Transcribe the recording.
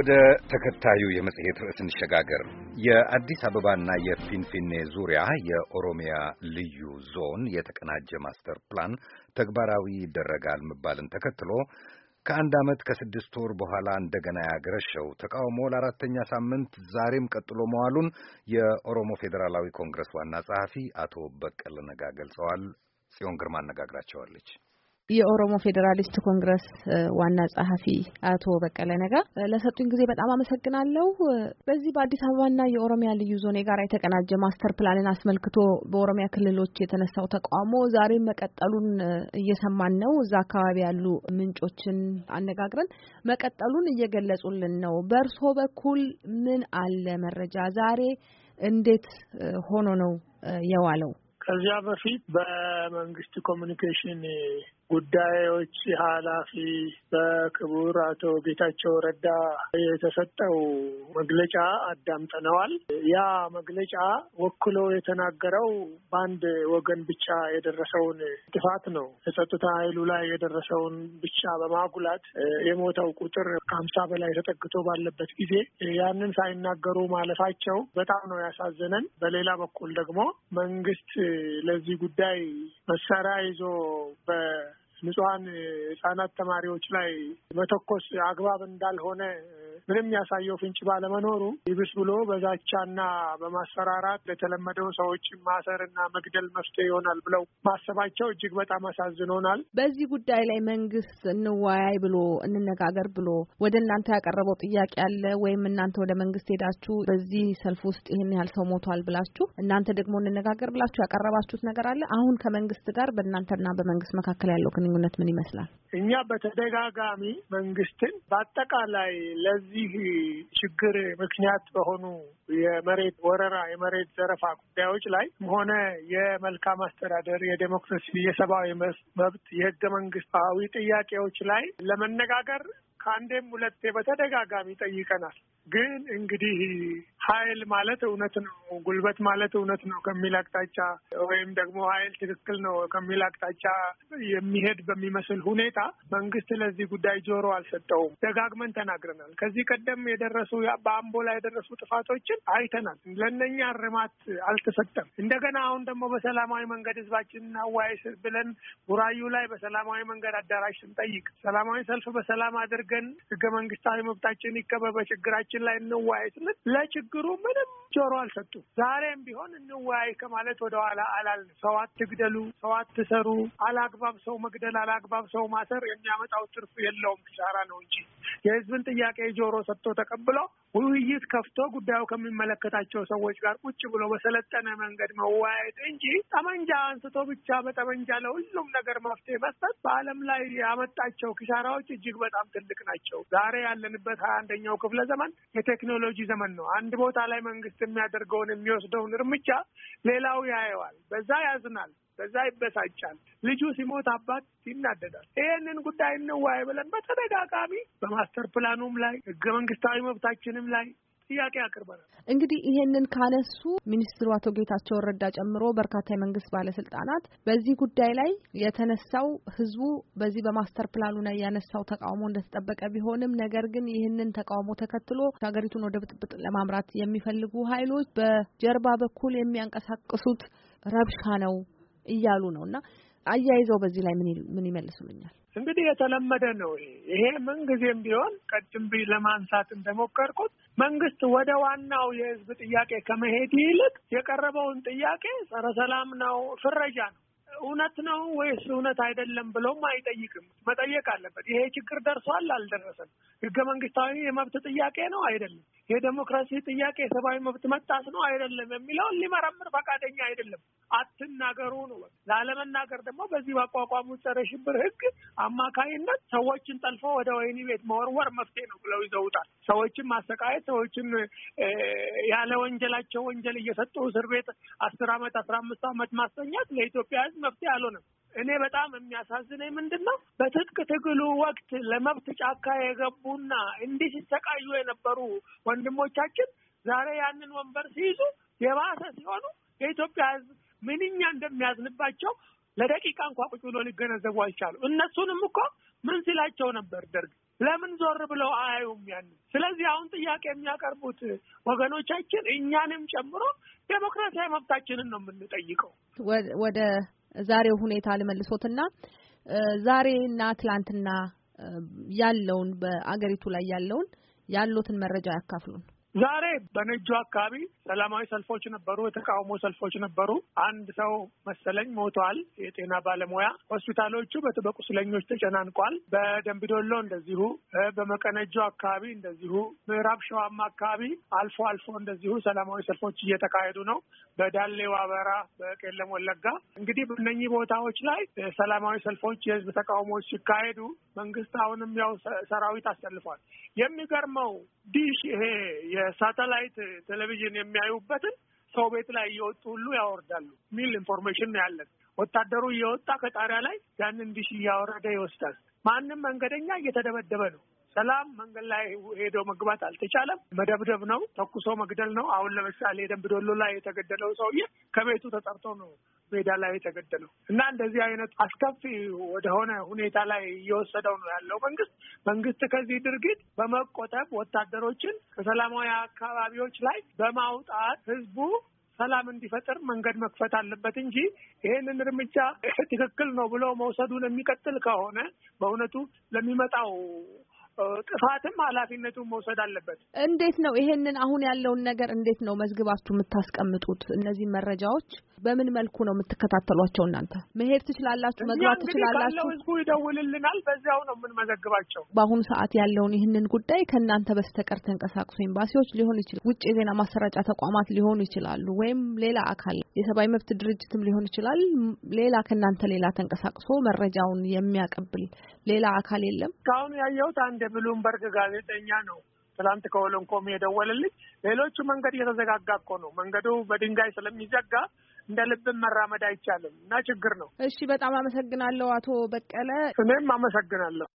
ወደ ተከታዩ የመጽሔት ርዕስ እንሸጋገር። የአዲስ አበባና የፊንፊኔ ዙሪያ የኦሮሚያ ልዩ ዞን የተቀናጀ ማስተር ፕላን ተግባራዊ ይደረጋል መባልን ተከትሎ ከአንድ ዓመት ከስድስት ወር በኋላ እንደገና ያገረሸው ተቃውሞ ለአራተኛ ሳምንት ዛሬም ቀጥሎ መዋሉን የኦሮሞ ፌዴራላዊ ኮንግረስ ዋና ጸሐፊ አቶ በቀለ ነጋ ገልጸዋል። ጽዮን ግርማ አነጋግራቸዋለች። የኦሮሞ ፌዴራሊስት ኮንግረስ ዋና ጸሐፊ አቶ በቀለ ነጋ ለሰጡኝ ጊዜ በጣም አመሰግናለሁ። በዚህ በአዲስ አበባና የኦሮሚያ ልዩ ዞን የጋራ የተቀናጀ ማስተር ፕላንን አስመልክቶ በኦሮሚያ ክልሎች የተነሳው ተቃውሞ ዛሬም መቀጠሉን እየሰማን ነው። እዛ አካባቢ ያሉ ምንጮችን አነጋግረን መቀጠሉን እየገለጹልን ነው። በእርሶ በኩል ምን አለ መረጃ? ዛሬ እንዴት ሆኖ ነው የዋለው? ከዚያ በፊት በመንግስት ኮሚኒኬሽን ጉዳዮች ኃላፊ በክቡር አቶ ጌታቸው ረዳ የተሰጠው መግለጫ አዳምጠነዋል። ያ መግለጫ ወክሎ የተናገረው በአንድ ወገን ብቻ የደረሰውን ጥፋት ነው። የጸጥታ ኃይሉ ላይ የደረሰውን ብቻ በማጉላት የሞተው ቁጥር ከሀምሳ በላይ ተጠግቶ ባለበት ጊዜ ያንን ሳይናገሩ ማለፋቸው በጣም ነው ያሳዘነን። በሌላ በኩል ደግሞ መንግስት ለዚህ ጉዳይ መሳሪያ ይዞ በ ንጹሀን ህጻናት ተማሪዎች ላይ መተኮስ አግባብ እንዳልሆነ ምንም ያሳየው ፍንጭ ባለመኖሩ ይብስ ብሎ በዛቻና በማሰራራት ለተለመደው ሰዎች ማሰርና መግደል መፍትሄ ይሆናል ብለው ማሰባቸው እጅግ በጣም አሳዝኖናል። በዚህ ጉዳይ ላይ መንግስት እንወያይ ብሎ እንነጋገር ብሎ ወደ እናንተ ያቀረበው ጥያቄ አለ ወይም እናንተ ወደ መንግስት ሄዳችሁ በዚህ ሰልፍ ውስጥ ይህን ያህል ሰው ሞቷል ብላችሁ እናንተ ደግሞ እንነጋገር ብላችሁ ያቀረባችሁት ነገር አለ? አሁን ከመንግስት ጋር በእናንተና በመንግስት መካከል ያለው ግንኙነት ምን ይመስላል? እኛ በተደጋጋሚ መንግስትን በአጠቃላይ ለዚህ ችግር ምክንያት በሆኑ የመሬት ወረራ፣ የመሬት ዘረፋ ጉዳዮች ላይ ሆነ የመልካም አስተዳደር፣ የዴሞክራሲ፣ የሰብአዊ መብት፣ የህገ መንግስታዊ ጥያቄዎች ላይ ለመነጋገር ከአንዴም ሁለቴ በተደጋጋሚ ጠይቀናል። ግን እንግዲህ ኃይል ማለት እውነት ነው፣ ጉልበት ማለት እውነት ነው ከሚል አቅጣጫ ወይም ደግሞ ኃይል ትክክል ነው ከሚል አቅጣጫ የሚሄድ በሚመስል ሁኔታ መንግስት ለዚህ ጉዳይ ጆሮ አልሰጠውም። ደጋግመን ተናግረናል። ከዚህ ቀደም የደረሱ በአምቦ ላይ የደረሱ ጥፋቶችን አይተናል። ለእነኛ እርማት አልተሰጠም። እንደገና አሁን ደግሞ በሰላማዊ መንገድ ህዝባችን እናወያይ ብለን ቡራዩ ላይ በሰላማዊ መንገድ አዳራሽ ስንጠይቅ ሰላማዊ ሰልፍ በሰላም አድርገን ህገ መንግስታዊ መብታችን ይከበር፣ በችግራችን ላይ እንወያይ ስንል ለችግሩ ለችግሩ ምንም ጆሮ አልሰጡም። ዛሬም ቢሆን እንወያይ ከማለት ወደኋላ አላል ሰው አትግደሉ፣ ሰው አትሰሩ፣ አላግባብ ሰው መግደል፣ አላግባብ ሰው ማሰር የሚያመጣው ትርፍ የለውም፣ ኪሳራ ነው እንጂ የህዝብን ጥያቄ ጆሮ ሰጥቶ ተቀብሎ ውይይት ከፍቶ ጉዳዩ ከሚመለከታቸው ሰዎች ጋር ቁጭ ብሎ በሰለጠነ መንገድ መወያየት እንጂ ጠመንጃ አንስቶ ብቻ በጠመንጃ ለሁሉም ነገር መፍትሄ መስጠት በዓለም ላይ ያመጣቸው ኪሳራዎች እጅግ በጣም ትልቅ ናቸው። ዛሬ ያለንበት ሀያ አንደኛው ክፍለ ዘመን የቴክኖሎጂ ዘመን ነው። አንድ ቦታ ላይ መንግስት የሚያደርገውን የሚወስደውን እርምጃ ሌላው ያየዋል፣ በዛ ያዝናል። በዛ ይበሳጫል። ልጁ ሲሞት አባት ይናደዳል። ይህንን ጉዳይ እንዋይ ብለን በተደጋጋሚ በማስተር ፕላኑም ላይ ህገ መንግስታዊ መብታችንም ላይ ጥያቄ አቅርበናል። እንግዲህ ይሄንን ካነሱ ሚኒስትሩ አቶ ጌታቸው ረዳ ጨምሮ በርካታ የመንግስት ባለስልጣናት በዚህ ጉዳይ ላይ የተነሳው ህዝቡ በዚህ በማስተር ፕላኑ ላይ ያነሳው ተቃውሞ እንደተጠበቀ ቢሆንም ነገር ግን ይህንን ተቃውሞ ተከትሎ ሀገሪቱን ወደ ብጥብጥ ለማምራት የሚፈልጉ ኃይሎች በጀርባ በኩል የሚያንቀሳቅሱት ረብሻ ነው እያሉ ነው እና አያይዘው በዚህ ላይ ምን ይመልሱልኛል? እንግዲህ የተለመደ ነው ይሄ ምን ምንጊዜም ቢሆን ቀድም ለማንሳት እንደሞከርኩት መንግስት ወደ ዋናው የህዝብ ጥያቄ ከመሄድ ይልቅ የቀረበውን ጥያቄ ጸረ ሰላም ነው፣ ፍረጃ ነው እውነት ነው ወይስ እውነት አይደለም ብሎም አይጠይቅም። መጠየቅ አለበት። ይሄ ችግር ደርሷል አልደረሰም፣ ህገ መንግስታዊ የመብት ጥያቄ ነው አይደለም፣ የዴሞክራሲ ጥያቄ የሰብአዊ መብት መጣስ ነው አይደለም የሚለውን ሊመረምር ፈቃደኛ አይደለም። አለመናገሩ ነው። ላለመናገር ደግሞ በዚህ ባቋቋሙ ጸረ ሽብር ህግ አማካይነት ሰዎችን ጠልፎ ወደ ወህኒ ቤት መወርወር መፍትሄ ነው ብለው ይዘውታል። ሰዎችን ማሰቃየት፣ ሰዎችን ያለ ወንጀላቸው ወንጀል እየሰጡ እስር ቤት አስር አመት አስራ አምስት አመት ማሰኛት ለኢትዮጵያ ህዝብ መፍትሄ አልሆነም። እኔ በጣም የሚያሳዝነኝ ምንድን ነው በትጥቅ ትግሉ ወቅት ለመብት ጫካ የገቡና እንዲህ ሲሰቃዩ የነበሩ ወንድሞቻችን ዛሬ ያንን ወንበር ሲይዙ የባሰ ሲሆኑ የኢትዮጵያ ህዝብ ምንኛ እንደሚያዝንባቸው ለደቂቃ እንኳ ቁጭ ብሎ ሊገነዘቡ አይቻሉ። እነሱንም እኮ ምን ሲላቸው ነበር ደርግ? ለምን ዞር ብለው አያዩም? ያን ስለዚህ አሁን ጥያቄ የሚያቀርቡት ወገኖቻችን እኛንም ጨምሮ ዴሞክራሲያዊ መብታችንን ነው የምንጠይቀው። ወደ ዛሬው ሁኔታ ልመልሶትና ዛሬና ትላንትና ያለውን በአገሪቱ ላይ ያለውን ያሉትን መረጃ ያካፍሉን። ዛሬ በነጁ አካባቢ ሰላማዊ ሰልፎች ነበሩ፣ የተቃውሞ ሰልፎች ነበሩ። አንድ ሰው መሰለኝ ሞቷል፣ የጤና ባለሙያ ሆስፒታሎቹ በቁስለኞች ተጨናንቋል። በደንቢዶሎ እንደዚሁ፣ በመቀነጁ አካባቢ እንደዚሁ፣ ምዕራብ ሸዋማ አካባቢ አልፎ አልፎ እንደዚሁ ሰላማዊ ሰልፎች እየተካሄዱ ነው። በዳሌ ዋበራ፣ በቄለም ወለጋ እንግዲህ በእነኚህ ቦታዎች ላይ ሰላማዊ ሰልፎች፣ የህዝብ ተቃውሞዎች ሲካሄዱ መንግስት አሁንም ያው ሰራዊት አሰልፏል። የሚገርመው ዲሽ ይሄ በሳተላይት ቴሌቪዥን የሚያዩበትን ሰው ቤት ላይ እየወጡ ሁሉ ያወርዳሉ የሚል ኢንፎርሜሽን ነው ያለን። ወታደሩ እየወጣ ከጣሪያ ላይ ያንን ዲሽ እያወረደ ይወስዳል። ማንም መንገደኛ እየተደበደበ ነው። ሰላም መንገድ ላይ ሄዶ መግባት አልተቻለም። መደብደብ ነው፣ ተኩሶ መግደል ነው። አሁን ለምሳሌ ደንብ ዶሎ ላይ የተገደለው ሰውዬ ከቤቱ ተጠርቶ ነው ሜዳ ላይ የተገደለው እና እንደዚህ አይነት አስከፊ ወደሆነ ሁኔታ ላይ እየወሰደው ነው ያለው መንግስት። መንግስት ከዚህ ድርጊት በመቆጠብ ወታደሮችን ከሰላማዊ አካባቢዎች ላይ በማውጣት ህዝቡ ሰላም እንዲፈጥር መንገድ መክፈት አለበት እንጂ ይህንን እርምጃ ትክክል ነው ብሎ መውሰዱን የሚቀጥል ከሆነ በእውነቱ ለሚመጣው ጥፋትም ኃላፊነቱን መውሰድ አለበት። እንዴት ነው ይሄንን አሁን ያለውን ነገር እንዴት ነው መዝግባችሁ የምታስቀምጡት? እነዚህ መረጃዎች በምን መልኩ ነው የምትከታተሏቸው? እናንተ መሄድ ትችላላችሁ፣ መግባት ትችላላችሁ። ህዝቡ ይደውልልናል፣ በዚያው ነው የምንመዘግባቸው። በአሁኑ ሰዓት ያለውን ይህንን ጉዳይ ከእናንተ በስተቀር ተንቀሳቅሶ ኤምባሲዎች ሊሆን ይችላል፣ ውጭ የዜና ማሰራጫ ተቋማት ሊሆኑ ይችላሉ፣ ወይም ሌላ አካል የሰብአዊ መብት ድርጅትም ሊሆን ይችላል። ሌላ ከእናንተ ሌላ ተንቀሳቅሶ መረጃውን የሚያቀብል ሌላ አካል የለም። እስካሁን ያየሁት አንድ የብሉምበርግ ጋዜጠኛ ነው ትላንት ከወለንኮም የደወለልኝ። ሌሎቹ መንገድ እየተዘጋጋ እኮ ነው። መንገዱ በድንጋይ ስለሚዘጋ እንደ ልብን መራመድ አይቻልም እና ችግር ነው። እሺ፣ በጣም አመሰግናለሁ አቶ በቀለ። እኔም አመሰግናለሁ።